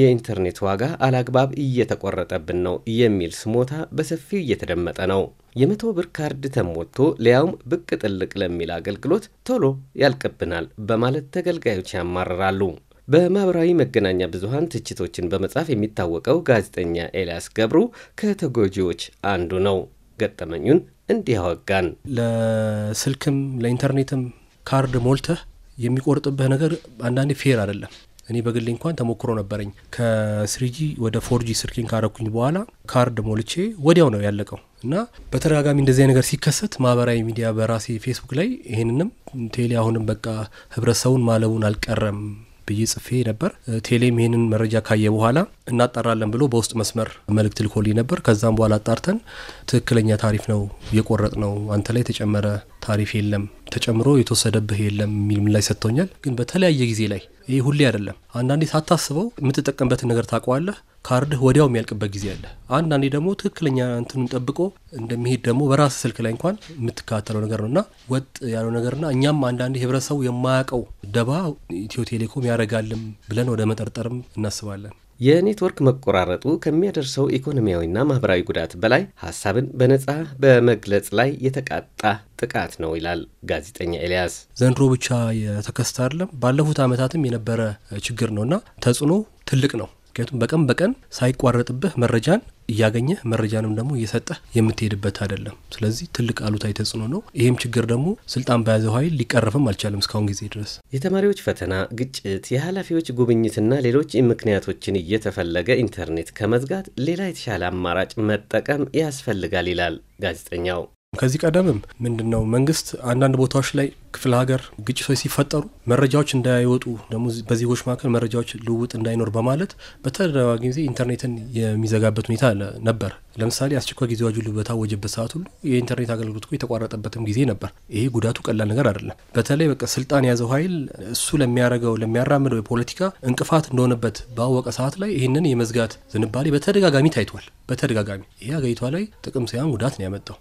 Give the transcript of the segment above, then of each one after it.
የኢንተርኔት ዋጋ አላግባብ እየተቆረጠብን ነው የሚል ስሞታ በሰፊው እየተደመጠ ነው። የመቶ ብር ካርድ ተሞልቶ ሊያውም ብቅ ጥልቅ ለሚል አገልግሎት ቶሎ ያልቅብናል በማለት ተገልጋዮች ያማርራሉ። በማህበራዊ መገናኛ ብዙሃን ትችቶችን በመጻፍ የሚታወቀው ጋዜጠኛ ኤልያስ ገብሩ ከተጎጂዎች አንዱ ነው። ገጠመኙን እንዲህ አወጋን። ለስልክም ለኢንተርኔትም ካርድ ሞልተህ የሚቆርጥብህ ነገር አንዳንዴ ፌር አይደለም። እኔ በግሌ እንኳን ተሞክሮ ነበረኝ። ከስሪጂ ወደ ፎርጂ ስልኬን ካረኩኝ በኋላ ካርድ ሞልቼ ወዲያው ነው ያለቀው እና በተደጋጋሚ እንደዚያ ነገር ሲከሰት ማህበራዊ ሚዲያ በራሴ ፌስቡክ ላይ ይህንንም ቴሌ አሁንም በቃ ህብረተሰቡን ማለቡን አልቀረም ብዬ ጽፌ ነበር። ቴሌም ይህንን መረጃ ካየ በኋላ እናጣራለን ብሎ በውስጥ መስመር መልእክት ልኮልኝ ነበር። ከዛም በኋላ አጣርተን ትክክለኛ ታሪፍ ነው የቆረጥ ነው፣ አንተ ላይ የተጨመረ ታሪፍ የለም፣ ተጨምሮ የተወሰደብህ የለም የሚል ምላሽ ሰጥቶኛል። ግን በተለያየ ጊዜ ላይ ይህ ሁሌ አይደለም። አንዳንዴ ሳታስበው የምትጠቀምበትን ነገር ታውቀዋለህ፣ ካርድህ ወዲያው የሚያልቅበት ጊዜ አለ። አንዳንዴ ደግሞ ትክክለኛ እንትኑን ጠብቆ እንደሚሄድ ደግሞ በራስ ስልክ ላይ እንኳን የምትከታተለው ነገር ነው እና ወጥ ያለው ነገርና እኛም አንዳንዴ ህብረተሰቡ የማያውቀው ደባ ኢትዮ ቴሌኮም ያደርጋልም ብለን ወደ መጠርጠርም እናስባለን። የኔትወርክ መቆራረጡ ከሚያደርሰው ኢኮኖሚያዊና ማህበራዊ ጉዳት በላይ ሀሳብን በነጻ በመግለጽ ላይ የተቃጣ ጥቃት ነው ይላል ጋዜጠኛ ኤልያስ። ዘንድሮ ብቻ የተከስተ አይደለም፣ ባለፉት ዓመታትም የነበረ ችግር ነውና ተጽዕኖ ትልቅ ነው። ምክንያቱም በቀን በቀን ሳይቋረጥብህ መረጃን እያገኘ መረጃንም ደግሞ እየሰጠህ የምትሄድበት አይደለም። ስለዚህ ትልቅ አሉታዊ ተጽዕኖ ነው። ይህም ችግር ደግሞ ስልጣን በያዘው ኃይል ሊቀረፍም አልቻለም እስካሁን ጊዜ ድረስ። የተማሪዎች ፈተና፣ ግጭት፣ የኃላፊዎች ጉብኝትና ሌሎች ምክንያቶችን እየተፈለገ ኢንተርኔት ከመዝጋት ሌላ የተሻለ አማራጭ መጠቀም ያስፈልጋል ይላል ጋዜጠኛው። ከዚህ ቀደምም ምንድን ነው መንግስት አንዳንድ ቦታዎች ላይ ክፍለ ሀገር ግጭቶች ሲፈጠሩ መረጃዎች እንዳይወጡ ደግሞ በዜጎች መካከል መረጃዎች ልውውጥ እንዳይኖር በማለት በተደጋጋሚ ጊዜ ኢንተርኔትን የሚዘጋበት ሁኔታ ነበር። ለምሳሌ አስቸኳይ ጊዜ አዋጁ በታወጀበት ሰዓት ሁሉ የኢንተርኔት አገልግሎት የተቋረጠበትም ጊዜ ነበር። ይሄ ጉዳቱ ቀላል ነገር አይደለም። በተለይ በቃ ስልጣን የያዘው ኃይል እሱ ለሚያደርገው ለሚያራምደው የፖለቲካ እንቅፋት እንደሆነበት ባወቀ ሰዓት ላይ ይህንን የመዝጋት ዝንባሌ በተደጋጋሚ ታይቷል። በተደጋጋሚ ይሄ አገሪቷ ላይ ጥቅም ሳይሆን ጉዳት ነው ያመጣው።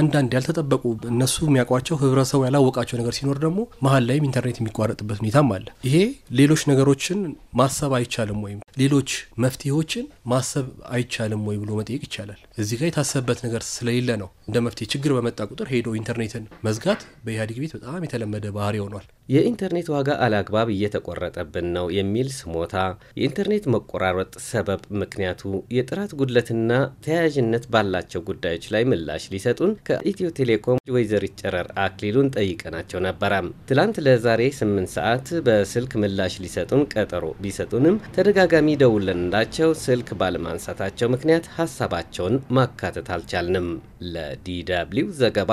አንዳንድ ያልተጠበቁ እነሱ የሚያውቋቸው ህብረተሰቡ ያላወቃቸው ነገር ሲኖር ደግሞ መሀል ላይም ኢንተርኔት የሚቋረጥበት ሁኔታም አለ። ይሄ ሌሎች ነገሮችን ማሰብ አይቻልም ወይም ሌሎች መፍትሄዎችን ማሰብ አይቻልም ወይ ብሎ መጠየቅ ይቻላል። እዚህ ጋር የታሰበበት ነገር ስለሌለ ነው እንደ መፍትሄ ችግር በመጣ ቁጥር ሄዶ ኢንተርኔትን መዝጋት በኢህአዴግ ቤት በጣም የተለመደ ባህሪ ሆኗል። የኢንተርኔት ዋጋ አላግባብ እየተቆረጠብን ነው የሚል ስሞታ፣ የኢንተርኔት መቆራረጥ ሰበብ ምክንያቱ፣ የጥራት ጉድለትና ተያያዥነት ባላቸው ጉዳዮች ላይ ምላሽ ሊሰጡን ከኢትዮ ቴሌኮም ወይዘሪት ጨረር አክሊሉን ጠይቀናቸው ነበረ። ትላንት ለዛሬ 8 ሰዓት በስልክ ምላሽ ሊሰጡን ቀጠሮ ቢሰጡንም ተደጋጋሚ ደውለንላቸው ስልክ ባለማንሳታቸው ምክንያት ሀሳባቸውን ማካተት አልቻልንም። ለዲ ደብልዩ ዘገባ